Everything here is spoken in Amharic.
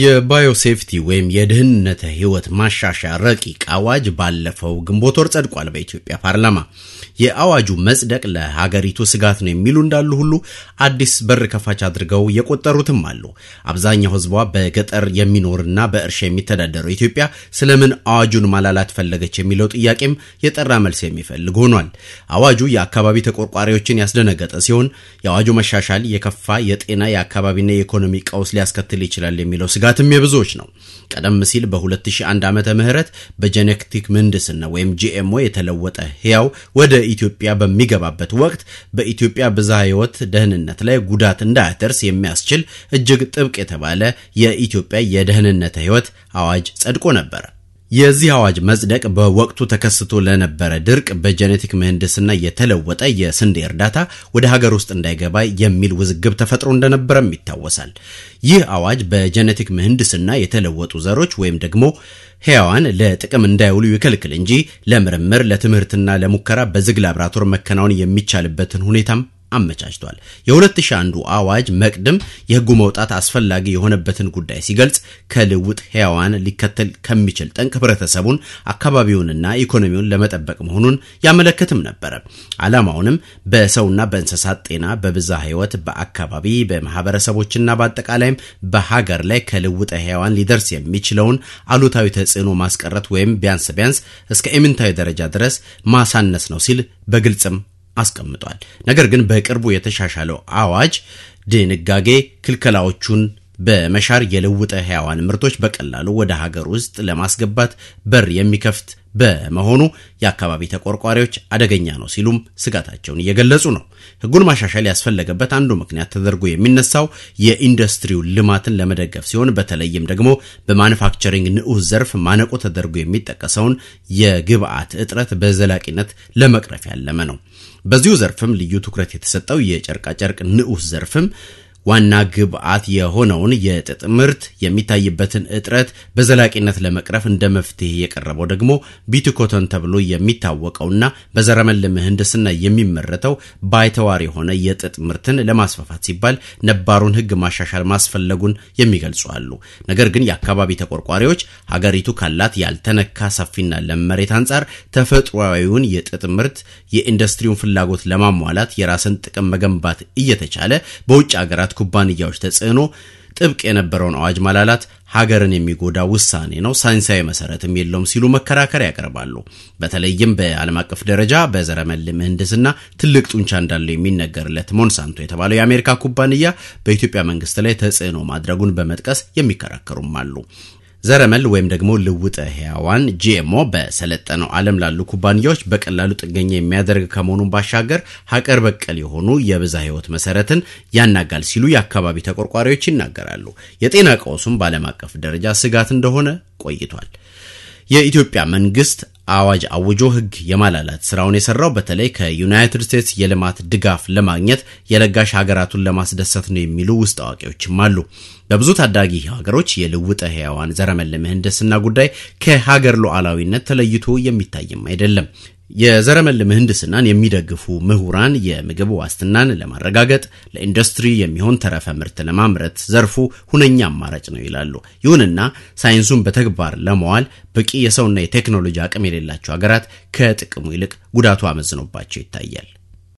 የባዮሴፍቲ ወይም የደህንነት ህይወት ማሻሻያ ረቂቅ አዋጅ ባለፈው ግንቦት ወር ጸድቋል በኢትዮጵያ ፓርላማ። የአዋጁ መጽደቅ ለሀገሪቱ ስጋት ነው የሚሉ እንዳሉ ሁሉ አዲስ በር ከፋች አድርገው የቆጠሩትም አሉ። አብዛኛው ህዝቧ በገጠር የሚኖርና በእርሻ የሚተዳደረው ኢትዮጵያ ስለምን አዋጁን ማላላት ፈለገች የሚለው ጥያቄም የጠራ መልስ የሚፈልግ ሆኗል። አዋጁ የአካባቢ ተቆርቋሪዎችን ያስደነገጠ ሲሆን የአዋጁ መሻሻል የከፋ የጤና የአካባቢና የኢኮኖሚ ቀውስ ሊያስከትል ይችላል የሚለው ስጋትም የብዙዎች ነው። ቀደም ሲል በ2001 ዓመተ ምህረት በጄኔቲክ ምህንድስና ወይም ጂኤምኦ የተለወጠ ህያው ወደ ኢትዮጵያ በሚገባበት ወቅት በኢትዮጵያ ብዝሃ ሕይወት ደህንነት ላይ ጉዳት እንዳያደርስ የሚያስችል እጅግ ጥብቅ የተባለ የኢትዮጵያ የደህንነት ሕይወት አዋጅ ጸድቆ ነበር። የዚህ አዋጅ መጽደቅ በወቅቱ ተከስቶ ለነበረ ድርቅ በጄኔቲክ ምህንድስና የተለወጠ የስንዴ እርዳታ ወደ ሀገር ውስጥ እንዳይገባ የሚል ውዝግብ ተፈጥሮ እንደነበረም ይታወሳል። ይህ አዋጅ በጄኔቲክ ምህንድስና የተለወጡ ዘሮች ወይም ደግሞ ሕያዋን ለጥቅም እንዳይውሉ ይከልክል እንጂ ለምርምር ለትምህርትና ለሙከራ በዝግ ላብራቶር መከናወን የሚቻልበትን ሁኔታም አመቻችቷል። የ2001 አዋጅ መቅድም የህጉ መውጣት አስፈላጊ የሆነበትን ጉዳይ ሲገልጽ ከልውጥ ሕያዋን ሊከተል ከሚችል ጠንቅ ህብረተሰቡን፣ አካባቢውንና ኢኮኖሚውን ለመጠበቅ መሆኑን ያመለክትም ነበረ። ዓላማውንም በሰውና በእንስሳት ጤና፣ በብዛ ህይወት፣ በአካባቢ በማህበረሰቦችና በአጠቃላይም በሀገር ላይ ከልውጠ ሕያዋን ሊደርስ የሚችለውን አሉታዊ ተጽዕኖ ማስቀረት ወይም ቢያንስ ቢያንስ እስከ ኤምንታዊ ደረጃ ድረስ ማሳነስ ነው ሲል በግልጽም አስቀምጧል። ነገር ግን በቅርቡ የተሻሻለው አዋጅ ድንጋጌ ክልከላዎቹን በመሻር የለውጠ ሕያዋን ምርቶች በቀላሉ ወደ ሀገር ውስጥ ለማስገባት በር የሚከፍት በመሆኑ የአካባቢ ተቆርቋሪዎች አደገኛ ነው ሲሉም ስጋታቸውን እየገለጹ ነው። ሕጉን ማሻሻል ያስፈለገበት አንዱ ምክንያት ተደርጎ የሚነሳው የኢንዱስትሪው ልማትን ለመደገፍ ሲሆን በተለይም ደግሞ በማኑፋክቸሪንግ ንዑስ ዘርፍ ማነቆ ተደርጎ የሚጠቀሰውን የግብዓት እጥረት በዘላቂነት ለመቅረፍ ያለመ ነው። በዚሁ ዘርፍም ልዩ ትኩረት የተሰጠው የጨርቃጨርቅ ንዑስ ዘርፍም ዋና ግብዓት የሆነውን የጥጥ ምርት የሚታይበትን እጥረት በዘላቂነት ለመቅረፍ እንደ መፍትሄ የቀረበው ደግሞ ቢትኮተን ተብሎ የሚታወቀውና በዘረመል ምህንድስና የሚመረተው ባይተዋር የሆነ የጥጥ ምርትን ለማስፋፋት ሲባል ነባሩን ሕግ ማሻሻል ማስፈለጉን የሚገልጹ አሉ። ነገር ግን የአካባቢ ተቆርቋሪዎች ሀገሪቱ ካላት ያልተነካ ሰፊና ለም መሬት አንጻር ተፈጥሯዊውን የጥጥ ምርት የኢንዱስትሪውን ፍላጎት ለማሟላት የራስን ጥቅም መገንባት እየተቻለ በውጭ ሀገራት ኩባንያዎች ተጽዕኖ ጥብቅ የነበረውን አዋጅ ማላላት ሀገርን የሚጎዳ ውሳኔ ነው፣ ሳይንሳዊ መሰረትም የለውም ሲሉ መከራከሪያ ያቀርባሉ። በተለይም በዓለም አቀፍ ደረጃ በዘረመል ምህንድስና ትልቅ ጡንቻ እንዳለው የሚነገርለት ሞንሳንቶ የተባለው የአሜሪካ ኩባንያ በኢትዮጵያ መንግስት ላይ ተጽዕኖ ማድረጉን በመጥቀስ የሚከራከሩም አሉ። ዘረመል ወይም ደግሞ ልውጠ ህያዋን ጂኤምኦ በሰለጠነው ዓለም ላሉ ኩባንያዎች በቀላሉ ጥገኛ የሚያደርግ ከመሆኑን ባሻገር ሀገር በቀል የሆኑ የብዛ ህይወት መሰረትን ያናጋል ሲሉ የአካባቢ ተቆርቋሪዎች ይናገራሉ። የጤና ቀውሱም በዓለም አቀፍ ደረጃ ስጋት እንደሆነ ቆይቷል። የኢትዮጵያ መንግስት አዋጅ አውጆ ህግ የማላላት ስራውን የሰራው በተለይ ከዩናይትድ ስቴትስ የልማት ድጋፍ ለማግኘት የለጋሽ ሀገራቱን ለማስደሰት ነው የሚሉ ውስጥ አዋቂዎችም አሉ። በብዙ ታዳጊ ሀገሮች የልውጠ ህያዋን ዘረመል ምህንድስና ጉዳይ ከሀገር ሉዓላዊነት ተለይቶ የሚታይም አይደለም። የዘረመል ምህንድስናን የሚደግፉ ምሁራን የምግብ ዋስትናን ለማረጋገጥ ለኢንዱስትሪ የሚሆን ተረፈ ምርት ለማምረት ዘርፉ ሁነኛ አማራጭ ነው ይላሉ። ይሁንና ሳይንሱን በተግባር ለመዋል በቂ የሰውና የቴክኖሎጂ አቅም የሌላቸው ሀገራት ከጥቅሙ ይልቅ ጉዳቱ አመዝኖባቸው ይታያል።